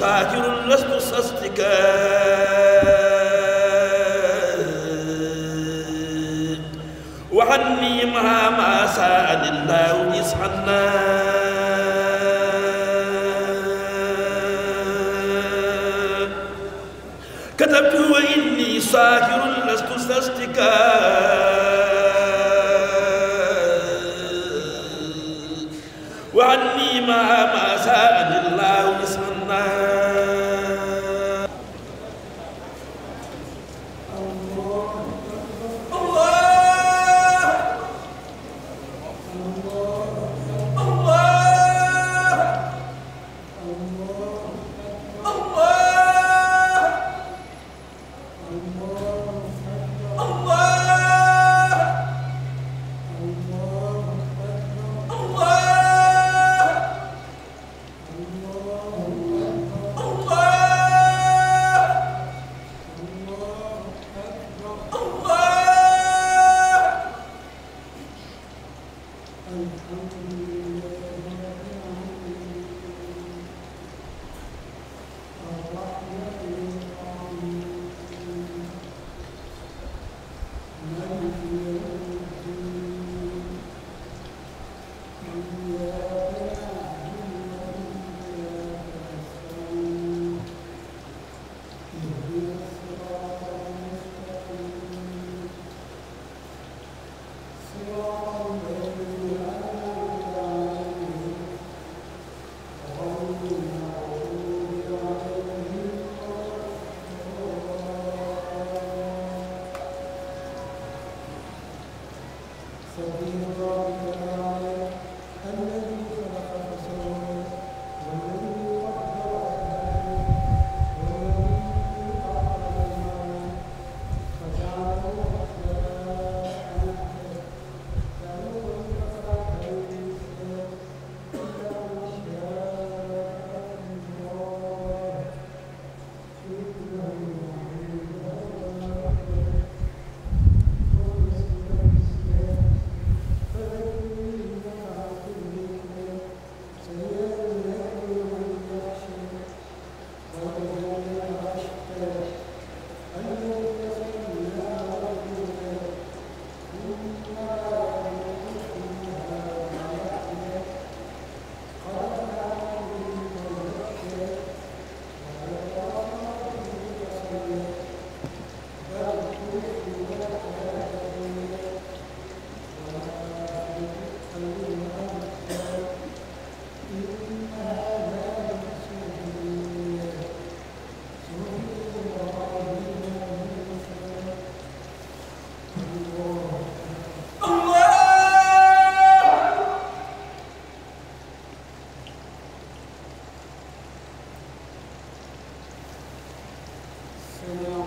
ساتر لست صدقا وعني ما ما ساءني الله يسحنا كتبت وإني ساهر لست صدقا Amen.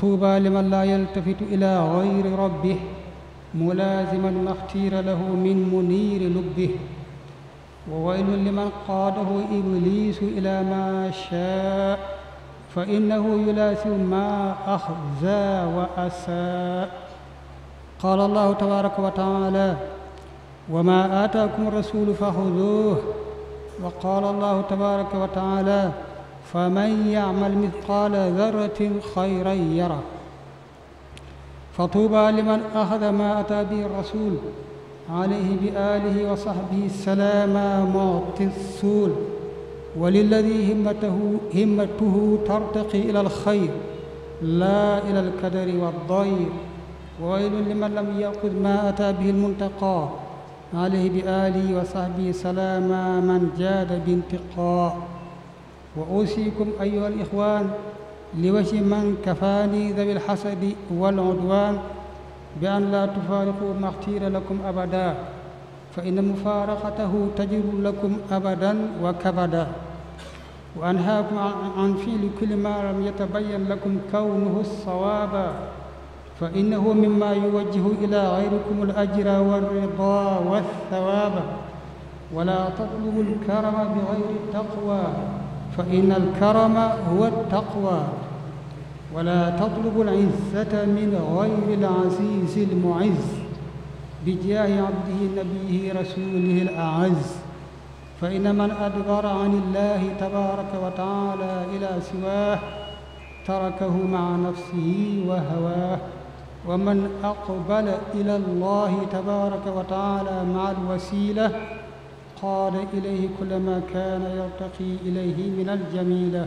طوبى لمن لا يلتفت إلى غير ربه ملازما ما اختير له من منير لبه وويل لمن قاده إبليس إلى ما شاء فإنه يلازم ما أخزى وأساء قال الله تبارك وتعالى وما آتاكم الرسول فخذوه وقال الله تبارك وتعالى فمن يعمل مثقال ذرة خيرا يره فطوبى لمن أخذ ما أتى به الرسول عليه بآله وصحبه السلام معطي السول وللذي همته همته ترتقي إلى الخير لا إلى الكدر والضير وويل لمن لم يأخذ ما أتى به المنتقى عليه بآله وصحبه سلاما من جاد بانتقاء وأوصيكم أيها الإخوان لوجه من كفاني ذوي الحسد والعدوان بأن لا تفارقوا ما اختير لكم أبدا فإن مفارقته تجر لكم أبدا وكبدا وأنهاكم عن فعل كل ما لم يتبين لكم كونه الصواب فإنه مما يوجه إلى غيركم الأجر والرضا والثواب ولا تطلبوا الكرم بغير التقوى فإن الكرم هو التقوى ولا تطلب العزة من غير العزيز المعز بجاه عبده نبيه رسوله الأعز فإن من أدبر عن الله تبارك وتعالى إلى سواه تركه مع نفسه وهواه ومن أقبل إلى الله تبارك وتعالى مع الوسيلة قال إليه كلما كان يرتقي إليه من الجميلة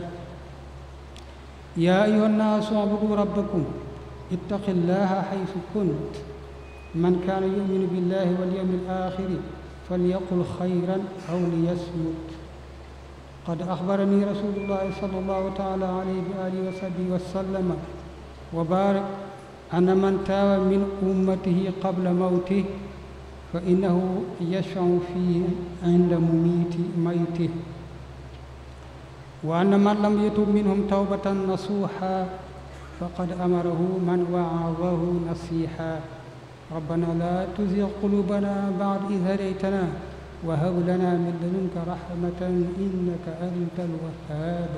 يا أيها الناس اعبدوا ربكم اتق الله حيث كنت من كان يؤمن بالله واليوم الآخر فليقل خيرا أو ليصمت قد أخبرني رسول الله صلى الله تعالى عليه وآله وصحبه وسلم وبارك أن من تاب من أمته قبل موته فإنه يشفع فيه عند مميت ميته وأن من لم يتب منهم توبة نصوحا فقد أمره من وعظه نصيحا ربنا لا تزغ قلوبنا بعد إذ هديتنا وهب لنا من لدنك رحمة إنك أنت الوهاب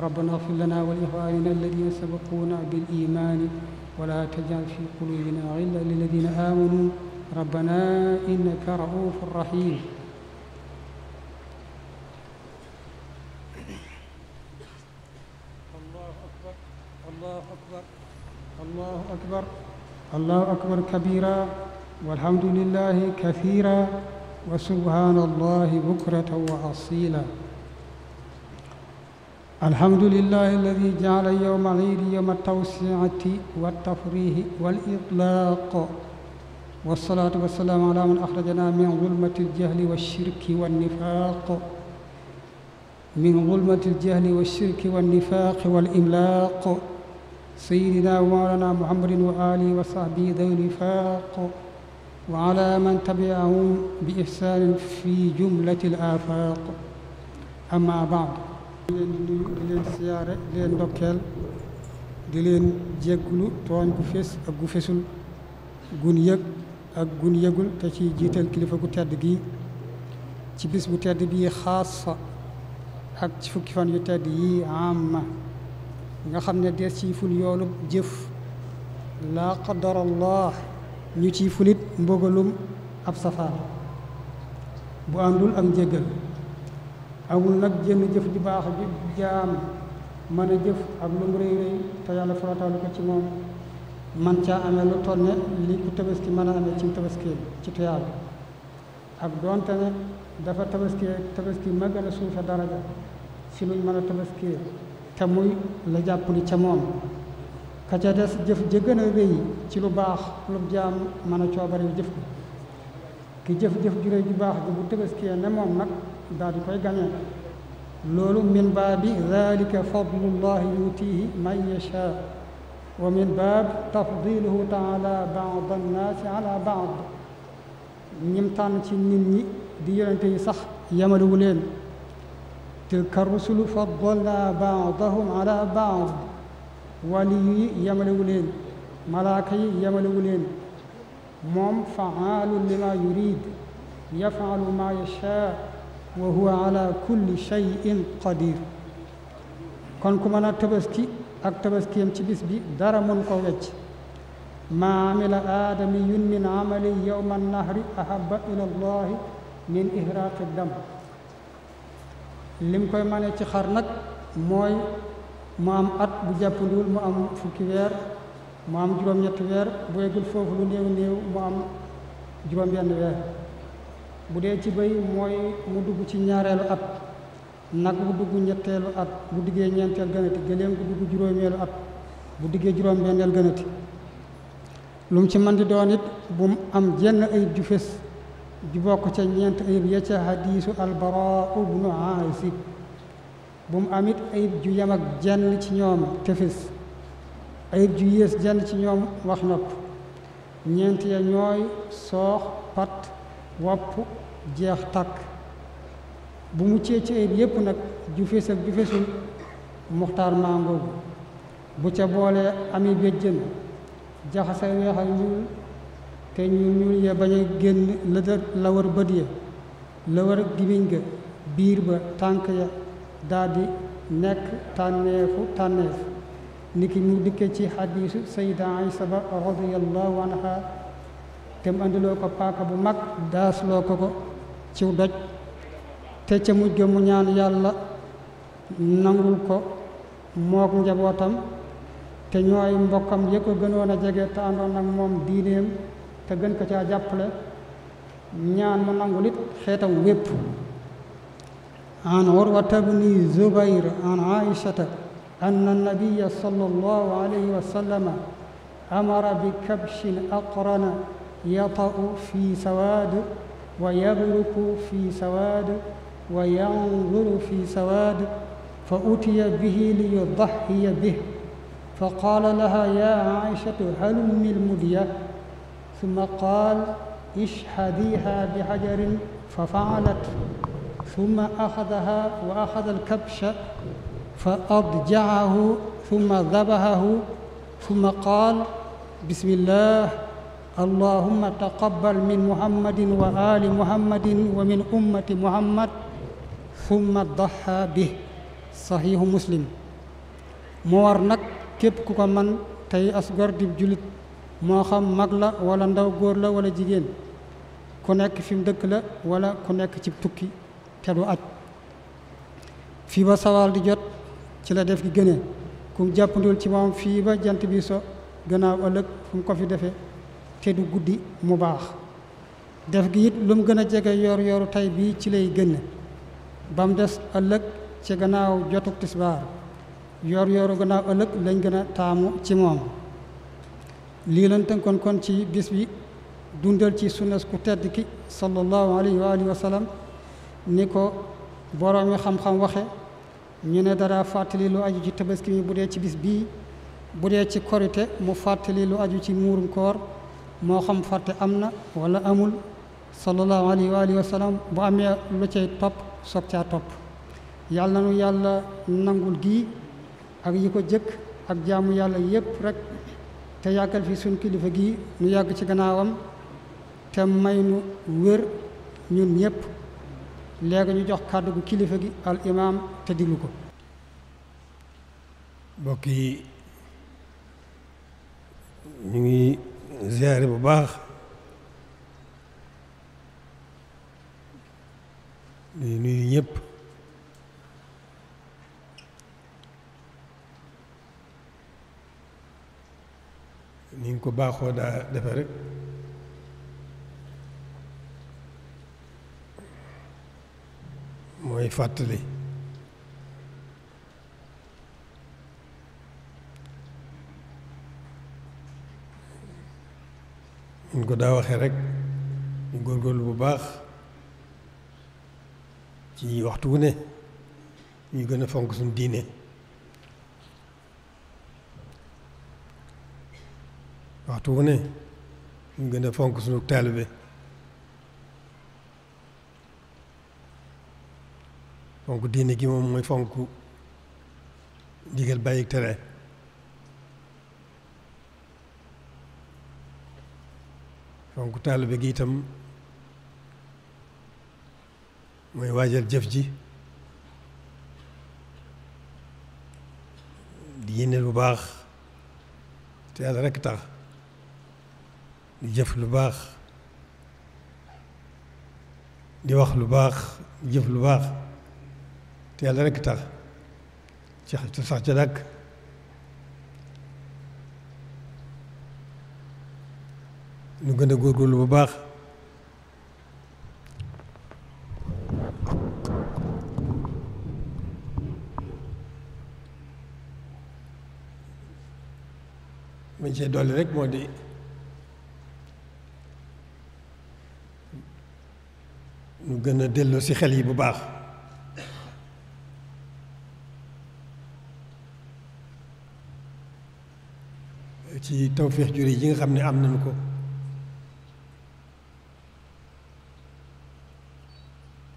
ربنا اغفر لنا ولإخواننا الذين سبقونا بالإيمان ولا تجعل في قلوبنا غلا للذين آمنوا ربنا إنك رؤوف رحيم الله أكبر الله أكبر الله أكبر كبيرا والحمد لله كثيرا وسبحان الله بكرة وأصيلا الحمد لله الذي جعل يوم العيد يوم التوسعة والتفريح والإطلاق والصلاة والسلام على من أخرجنا من ظلمة الجهل والشرك والنفاق من ظلمة الجهل والشرك والنفاق والإملاق سيدنا ومولانا محمد وآله وصحبه ذوي النفاق وعلى من تبعهم بإحسان في جملة الآفاق أما بعد di leen siyaare ak gun yëgul te ci jiital kilifa gu tedd gi ci bis bu tedd bii xaasa ak ci fukki fan yu tedd yi amma nga xam ne des ci ful yoolub jëf laa qadarallah ñu ciy fulit mbogalum ab safar bu àndul ak njëgal amul nag jënn jëf ju baax ju jaam mën a jëf ak lu mu réy réy te yàlla farataalu ko ci moom man ca amee lu toll li ku tabaski mën a amee ci tabaski ci tuyaaba ak doonte ne dafa tabaski tabaski ma gën a suufe si luñ mën a tabaski te muy la jàpp ca moom ka ca des jëf ja gën rëy ci lu baax lu jaam mën a coobare jëf ko ki jëf-jëf ju ju baax ji bu tabaski ne moom nag daal di koy gañee loolu min baabi zalika fadlullahi yutihi man yashaa ومن باب تفضيله تعالى بعض الناس على بعض نمتان تنيني ديان تي صح يملولين تلك الرسل فضلنا بعضهم على بعض ولي يملولين لين ملاكي يملو مم فعال لما يريد يفعل ما يشاء وهو على كل شيء قدير كنكم انا تبسكي ak tabaskiyam ci bis bi dara mën ko wecc maa amila aadamiyun min amali yowma nahri ahaba ila llahi min ihraqi dam lim koy mane ci xar nag mooy mu am at bu jàppandiwul mu am fukki weer mu am juróom-ñetti weer bu eggul foofu lu néew néew mu am juróom-benn weer bu dee ci bëy mooy mu dugg ci ñaareelu at nag bu dugg ñetteelu at bu diggee ñeenteel gënati gëléem gu dugg juróomeelu at bu diggee juróom benneel gënati lu mu ci man di doon it bu mu am jenn ayib ju fés ju bokk ca ñeent ayib ya ca hadiisu albara ibnu aasib bu mu am it ayib ju yem jenn ci ñoom te fés ayib ju yées jenn ci ñoom wax nopp ñeent ya ñooy soox pat wopp jeex takk bu mu cee ci ayib yépp nag ju fees ak feesul muxtaar mangoogu bu ca boolee ami béjjën jaxase weex ak ñuul te ñu ñuul ya bañ génn lëdër la war bët ya la war ga biir ba tànk ya daldi nekk tànneefu tànneef niki mu dikke ci xadiisu sayida aysa ba radiyallahu anha te mu andiloo ko paaka bu mag daasloo ko ko ciw doj te ca mujj mu ñaan yàlla nangul ko mook njabootam te ñooy mbokkam yë ko gënoon a jege te àndoon ak moom diineem te gën ko caa jàppale ñaan mu nangul it xeetam wépp an urwata bni zubayr an aishata anna nabiya sallallahu alayhi wa sallama amara bi kabshin aqrana yata'u fi sawad wa yabruku fi sawad وينظر في سواد فأتي به ليضحي به فقال لها يا عائشة هلم المدية ثم قال اشحذيها بحجر ففعلت ثم أخذها وأخذ الكبش فأضجعه ثم ذبحه ثم قال بسم الله اللهم تقبل من محمد وآل محمد ومن أمة محمد summa doxa bi saxiixu muslim mu war nag képp ku ko man tey asgor di jullit moo xam mag la wala ndaw góor la wala jigéen ku nekk fi mu dëkk la walla ku nekk ci tukki te du aj fii ba sawaal di jot ci la def gi gënee kum jàppandul ci moom fii ba jant bi so gannaaw ëllëg fu mu ko fi defee te du guddi mu baax def gi it lu mu gën a jege yor yoru tey bii ci lay gënne ba mu des ëllëg ci gannaaw jotuk tisbaar yor yoru gannaaw ëllëg lañ gën a taamu ci moom lii lan tënkoon kon ci bis bi dundal ci sunnas ku tedd ki sallallahu alayhi wa alihi wa sallam ni ko boroomi xam-xam waxe ñu ne dara fàttali lu aju ci tabaski mi bu dee ci bis bii bu dee ci korite mu fàttali lu aju ci muurum koor moo xam fàtte am na wala amul sallallahu alayhi wa alihi wa sallam bu amee lu cay topp soog caa topp yàlla nanu yàlla nangul gii ak yi ko jëkk ak jaamu yàlla yépp rekk te yàggal fi suñ kilifa gii nu yàgg ci gannaawam te may nu wér ñun ñépp léegi ñu jox kàddugu kilifa gi al te diglu ko mbokk yi ñu ngi ziyaare bu baax نيو ييب نينكو باخو دا ديف رك موي فاتلي نينكو دا واخي رك باخ ci waxtu wu ne ñu gën a fonk suñu diine waxtu wune mu gën a fonk suñu taalibe fonk diine gi moom mooy fonk digal bàyyi tere fonk taalibe gi itam ويواجه الجفجي دينا الباخ تيال ركتا الجف الباخ دي واخ الباخ الجف الباخ تيال ركتا تيال تصح تلك نغنى غور غور الباخ ma cee dolli rek moo di ñu gën a delloo si xel yi bu baax ci tawféex jur yi nga xam ne am nañu ko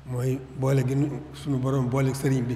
mooy boole gi sunu boroom boole sëriñ bi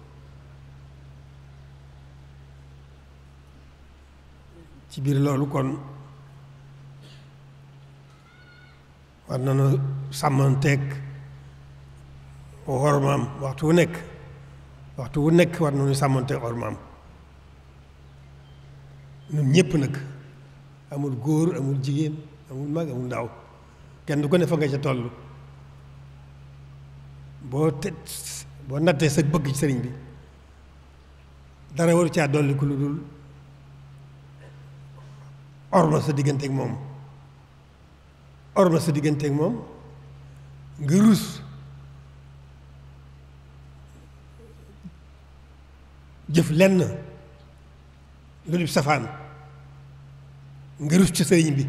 ci biir loolu kon war nañu sàmmanteeg xormaam waxtu wu nekk waxtu wu nekk war nañu sàmmanteeg xormaam ñun ñëpp nag amul góor amul jigéen amul mag amul ndaw kenn du ko ne fa nga ca toll boo te boo nattee sa bëgg ci sëriñ bi dara waru caa dolli ko lu dul or la sa digganteeg moom or la sa digganteeg moom nga rus jëf lenn lu dul safaan nga rus ci sëriñ bi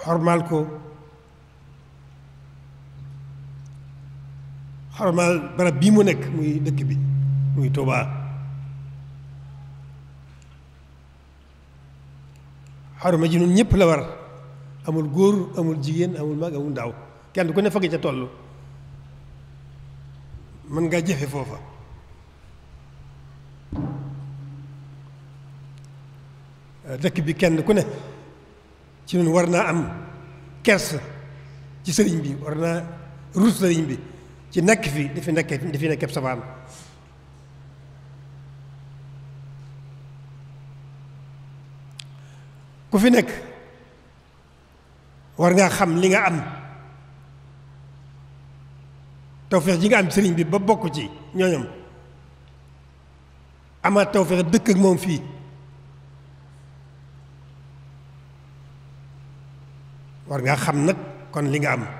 xormaal ko xormaal barab bii mu nekk muy dëkk bi muy Tuubaa xorma ji nun ñëpp la war amul góor amul jigéen amul mag amul ndaw kenn ku ne fagg ca toll mën ngaa jëfe foofa dëkk bi kenn ku ne ci nun war naa am kers ci sëriñ bi war naa ruus sëriñ bi ci nekk fi di fi nekk di fi nekk sabaan ku fi nekk war ngaa xam li nga am tawfiq ji nga am sëriñ bi ba bokk ci ñooñam amaat tawfiq dëkk ak moom fii war ngaa xam nag kon li nga am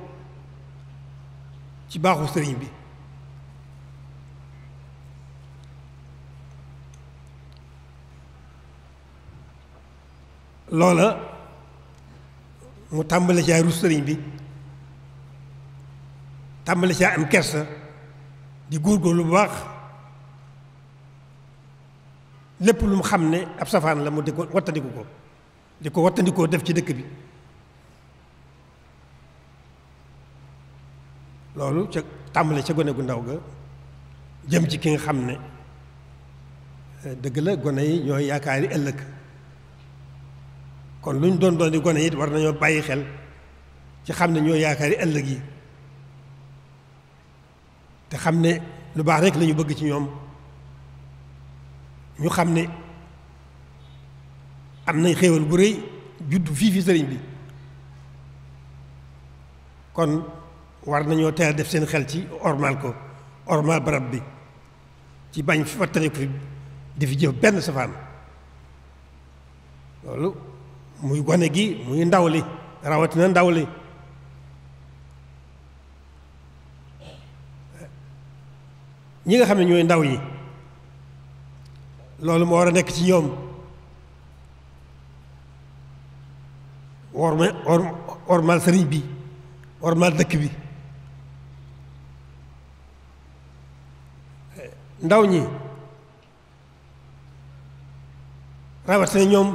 ci baaxu sëriñ bi loola mu tàmbale caa rus sëriñ bi tàmbale caa am kers di góorgóorlu lu baax lépp lu mu xam ne ab safaan la mu di ko wattandiku ko di ko wattandikoo def ci dëkk bi loolu ca tàmbale ca gone gu ndaw ga jëm ci ki nga xam ne eh, dëgg la gone yi ñooy yaakaari ëllëg kon lu ñu doon doon di gone it war nañoo bàyyi xel ci xam ne ñooy ëllëg yi te xam ne lu baax rek lañu bëgg ci ñoom ñu xam ne am nañ xéewal bu rëy juddu fii fi sëriñ bi kon war nañoo teel def seen xel ci ormal ko ormal barab bi ci bañ fàttaliku fi di fi jëf benn safaan loolu muy gone gi muy ndaw li rawatina ndaw li ñi nga xam ne ñooy ndaw yi loolu moo war a nekk ci ñoom worma ormal sëriñ bi ormal dëkk bi ndaw ñi rawatina ñoom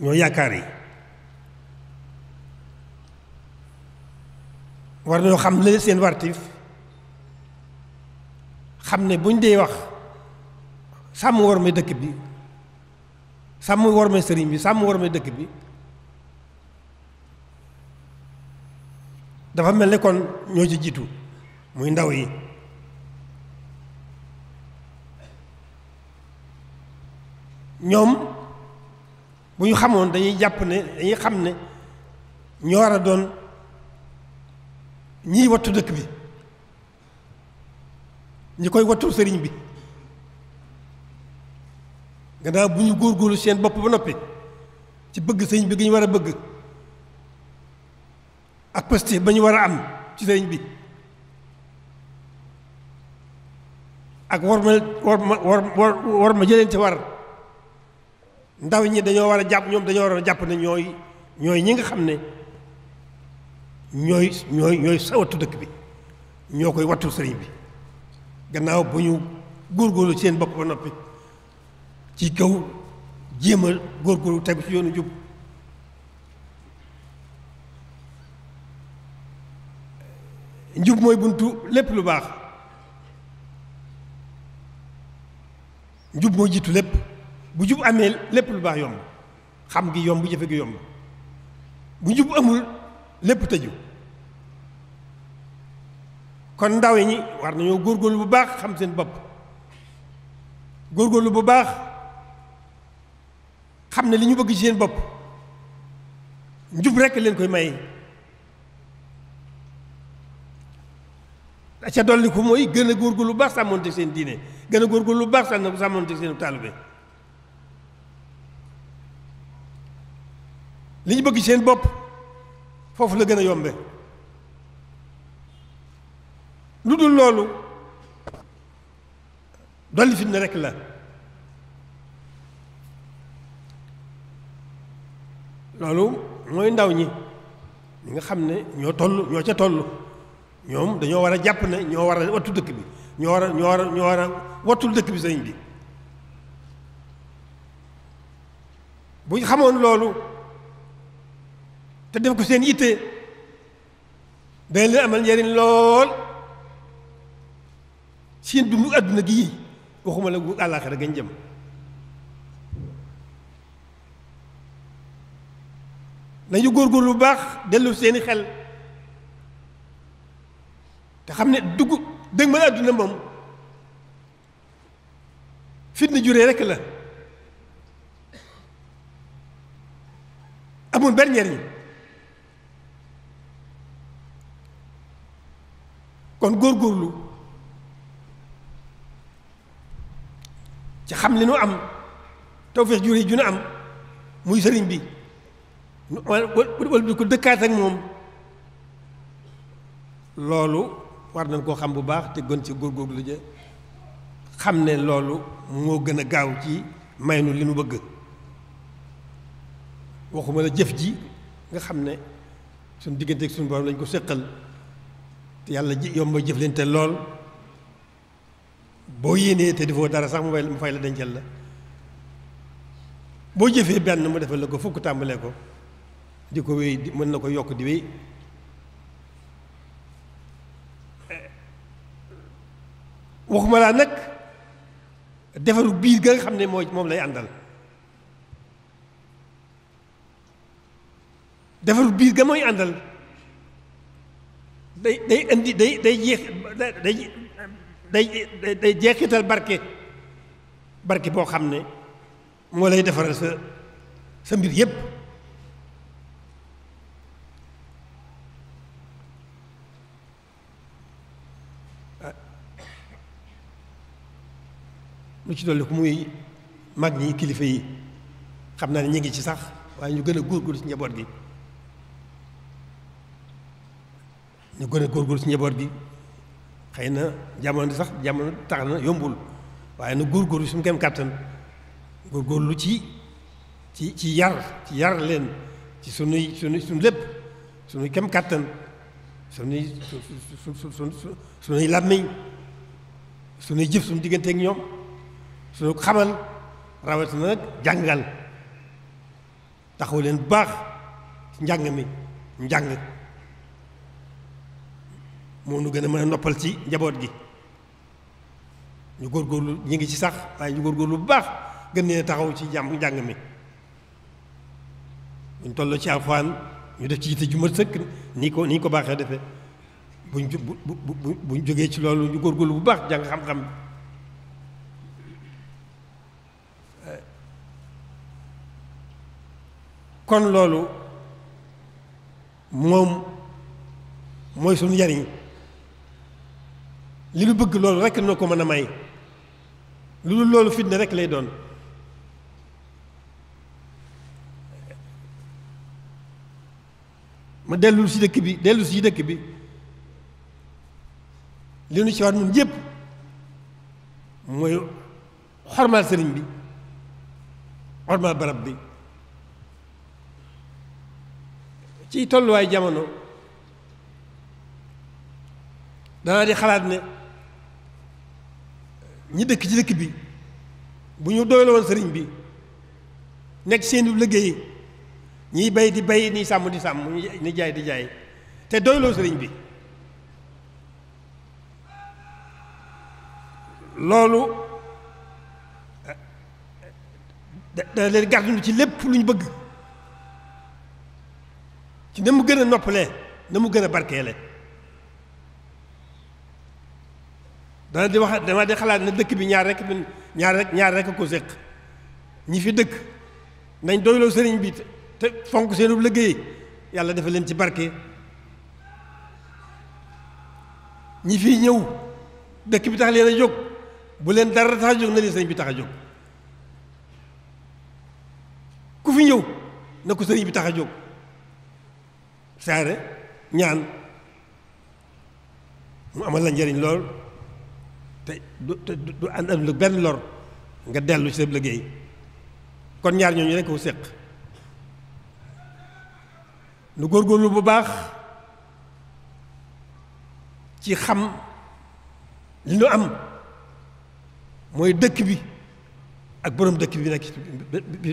ñoo yaakaar yi war nañoo xam la seen wartif xam ne buñ dee wax sàmm war may dëkk bi sàmm war may sëriñ bi sàmm war dëkk bi dafa mel ne kon ñoo ci jiitu muy ndaw yi ñoom bu ñu xamoon dañuy jàpp ne dañuy xam ne ñu war a doon ñiy wattu dëkk bi ñi koy wattul sëriñ bi gannaaw bu ñu góorgóorlu seen bopp ba noppi ci bëgg sëriñ bi gi ñu war a bëgg ak pësté ba ñu war a am ci sëriñ bi ak war ma war ma war ma jëleen ci war ndaw ñi dañoo war a jàpp ñoom dañoo war a jàpp ne ñooy ñooy ñi nga xam ne ñooy ñooy ñooy sawatu dëkk bi ñoo koy wattu sëriñ bi gannaaw bu ñu góorgóorlu ci seen bopp ba noppi ci kaw jéem a góorgóorlu tegu ci yoonu jub njub mooy buntu lépp lu baax njub mooy jiitu lépp bu jub amee lépp lu baax yomb xam ngi yomb jëfe gi yomb bu jub amul lépp tëju kon ndaw ñi war nañoo góorgóorlu bu baax xam seen bopp góorgóorlu bu baax xam ne li ñu bëgg ci seen bopp njub rekk leen koy may ca dolli ko mooy gën a góorgóorlu bu baax sàmmoonte seen diine gën a góorgóorlu bu baax sàmmoonte seen taalube li ñu bëgg seen bopp foofu la gën a yombe lu dul loolu dolli fitna rekk la loolu mooy ndaw ñi ñi nga xam ne ñoo toll ñoo ca toll ñoom dañoo war a jàpp ne ñoo war a wattu dëkk bi ñoo war a ñoo war a wattul dëkk bi sëñ bi bu xamoon loolu te def ko seen yitte day leen amal njariñ lool seen dundu àdduna gii waxuma la gu àllaaxira gañ jëm nañu góorgóorlu bu baax dellu seeni xel te xam ne dugg dëgg mën àdduna moom fitna juree rekk la amul benn njariñ kon góorgóorlu ci xam li nu am tawfeex jure ju nu am muy sëriñ bi wala bi ko dëkkaat ak moom loolu war nañ koo xam bu baax te gën ci góorgóorlu ja xam ne loolu moo gën a gaaw ci may nu li nu bëgg waxuma la jëf ji nga xam ne suñ diggante ak suñu borom lañ ko séqal yàlla yomba jëflante lool boo yéenee te defoo dara sax mu fay mu fay la dencal la boo jëfee benn mu defal la ko fukk tàmbalee ko di ko wéy mën na ko yokk di wéy waxuma laa nag defaru biir ga nga xam ne mooy moom lay àndal defaru biir ga mooy àndal day day indi des, day des, day day day jeexital barke barke ne lay defaral sa sa mbir yépp lu ci dolli ku muy kilifa yi gone gën a góorgóorlu njaboot gi xëy na jamono sax jamono tax na yombul waaye na góor góorgóorlu suñu kem kàttan góor lu ci ci ci yar ci yar leen ci sunuy sunuy su lépp sunuy kem kàttan sunuy su su su jëf suñu digganteeg ñoom suñu xamal rawatina nag jàngal taxaw leen baax njàng mi njàng moo nu gën a mën a noppal ci njaboot gi ñu góorgóorlu ñu ngi ci sax waaye ñu góorgóorlu bu baax gën leen taxaw ci jàmm njàng mi buñ tolloo ci alxuraan ñu def ci yitte ju sëkk ni ko ni ko baaxee defe buñ bu bu buñ jógee ci loolu ñu góorgóorlu bu baax jàng xam-xam kon loolu moom mooy suñu njariñ li nu bëgg loolu rek noo ko mën a may lu dul loolu fitna rek lay doon ma dellu si dëkk bi dellu si dëkk bi li nu ci waat ñun yépp mooy xormaal sëriñ bi xormaal barab bi ci tolluwaay jamono danaa di xalaat ne ñi dëkk ci dëkk bi bu ñu doyloo sëriñ bi nekk seenu liggéey ñiy bay di bay ni sàmm di sàmm ni jaay di jaay te doyloo sëriñ bi loolu da leen gàttandu ci lépp lu ñu bëgg ci na gën a noppalee na mu gën a barkeele dana di wax dama di xalaat ne dëkk bi ñaar rek bi ñaar rek ñaar rek ko séq ñi fi dëkk nañ doyloo sëriñ bi te fonk seenu liggéey yàlla dafa leen ci barke ñi fi ñëw dëkk bi tax leen a jóg bu leen dara tax jóg na leen sëriñ bi tax a jóg ku fi ñëw na ko sëriñ bi tax a jóg saare ñaan mu amal la njëriñ lool te du du ànd ak lu benn lor nga dellu ci sa liggéey kon ñaar ñooñu rekk ko séq nu góorgóorlu bu baax ci xam li nu am mooy dëkk bi ak boroom dëkk bi nekk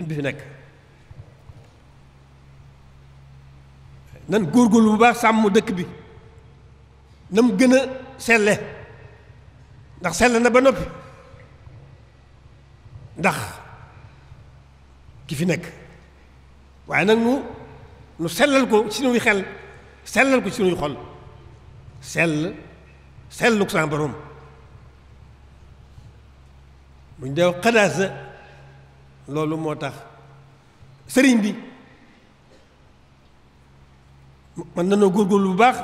bi fi nekk nan góorgóorlu bu baax sàmm dëkk bi na mu gën a selle ndax sell na ba noppi ndax ki fi nekk waaye nag nu nu sellal ko ci nuy xel sellal ko ci nuy xol sell lu sama borom buñ dew xadaasa loolu moo tax sëriñ bi mën nanoo góorgóorlu bu baax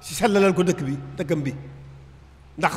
ci sellalal ko dëkk bi dëkkam bi ndax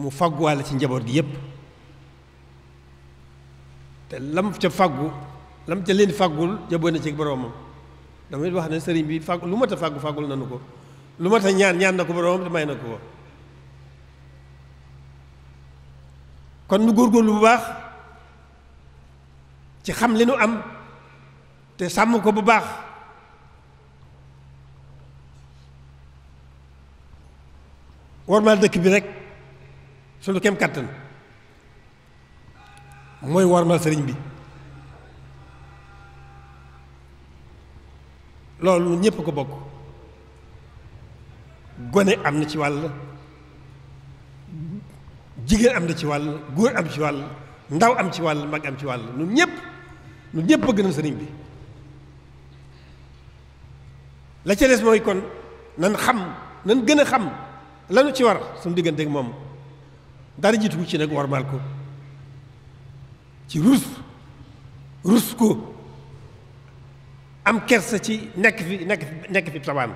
mu fagguwaale ci njaboot gi yépp te lam ca faggu lam ca leen fagul jaboo na ci boroomam damay wax na sëriñ bi faggu lu ma a faggu faggul nanu ko lu mat a ñaan ñaan na ko boroomam te may na ko kon nu góorgóorlu bu baax ci xam li nu am te sàmm ko bu baax war maa dëkk bi rek suñu kem kàttan mooy warmal sëriñ bi loolu ñépp ko bokk gone am na ci wàll jigéen am na ci wàll góor am ci wàll ndaw am ci wàll mag am ci wàll ñun ñëpp ñun ñëpp bëgg nañ sëriñ bi la ca des mooy kon nan xam nan gën a xam lanu ci war suñu diggante digganteek moom dara jiitugu ci nag warmaal ko ci rus rus ko am kersa ci nekk fi nekk fi nekk fi tabaan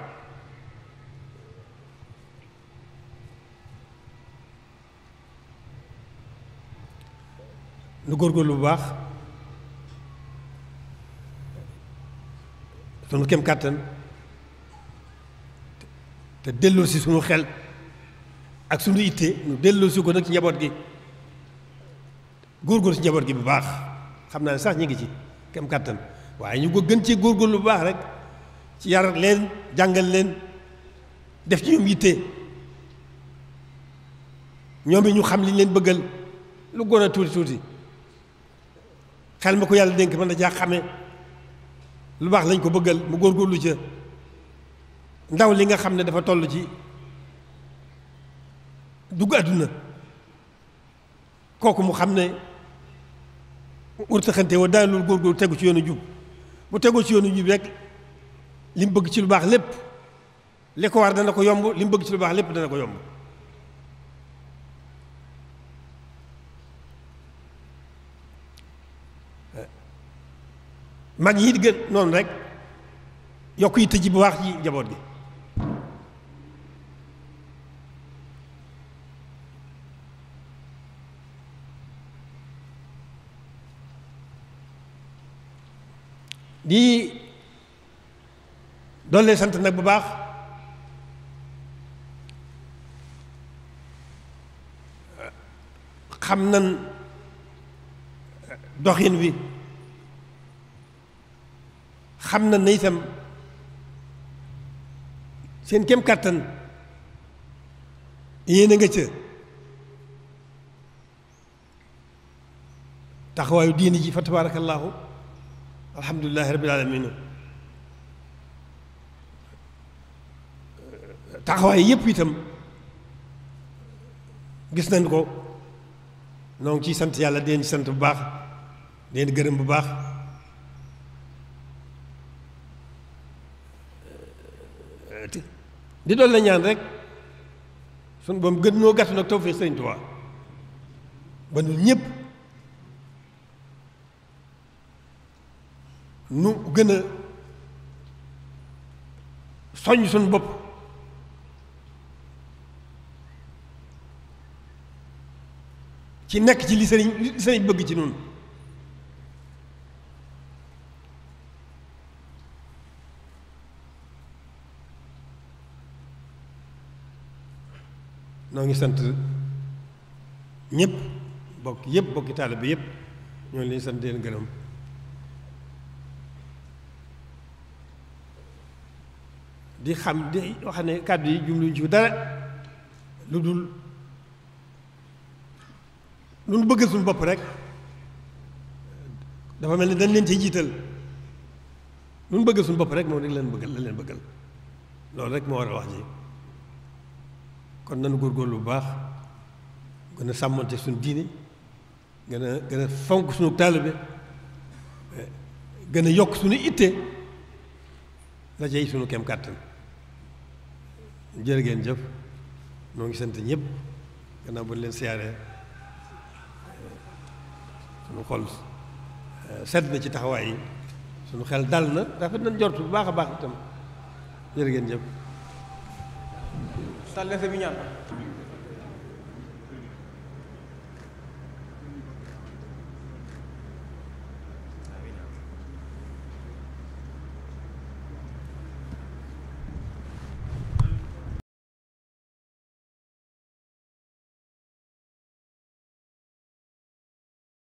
nu góorgóorlu bu baax sunu kem kàttan te delloo si sunu xel ak suñu ittee nu delloosi ko nag ci njaboot gi góorgóorlu ci njaboot gi bu baax xam naa ne sax ñu ngi ci kem kàttan waaye ñu ko gën cee góorgóorlu bu baax rek ci yar leen jàngal leen def ci ñoom yitte ñoom it ñu xam liñ leen bëggal lu gën a tuuti tuuti xel ma ko yàlla dénk ma na caa xame lu baax lañ ko bëggal mu góorgóorlu ca ndaw li nga xam ne dafa tollu ci dugg àdduna kooku mu xam ne wurtaxante wa daanul góorgóor tegu ci yoonu jub bu tegu ci yoonu jub rek li mu bëgg ci lu baax lépp li ko war dana ko yomb li mu bëgg ci lu baax lépp dana ko yomb mag yi gën noonu rek yokk yi tëj bu baax ci jaboot gi di doole sant nag bu baax xam nan doxin wi xam na ne itam seen kem kàttan yéen a nga ca taxawaayu diini ji fa tabaarakallaahu الحمد لله رب العالمين taxawaay yépp itam gis nañ ko noo ngi ciy sant yàlla deen ci sant bu baax deen gërëm bu baax di doon la ñaan rek sun boom gën noo gàttu nag tawfeex Sëriñ Tuubaa ba ñun ñëpp nu gën a soññ suñu bopp ci nekk ci li sëriñ li sëriñ bëgg ci noonu noo ngi sant ñëpp bokk yëpp bokki taalibe bi yëpp ñoo leen sant di gënam di xam di wax ne kàddu yi jumluñ ci dara lu dul lu nu bëgg suñu bopp rek dafa mel ni dañ leen ci jiital lu nu bëgg suñu bopp rek moom rek leen bëggal la leen bëggal loolu rek moo waral wax ji kon nanu góor lu baax gën a sàmmante suñu diine gën a gën a fonk suñu taalibe gën a yokk suñu itte la jey suñu kem kàttan jërë ngeen jëf noo ngi sant ñëpp gannaaw bu ñu leen siyaaree suñu xol eh, sedd na ci taxawaay yi sunu xel dal na rafet nañ jortu bu baax a baax itam jërë ngeen jëf.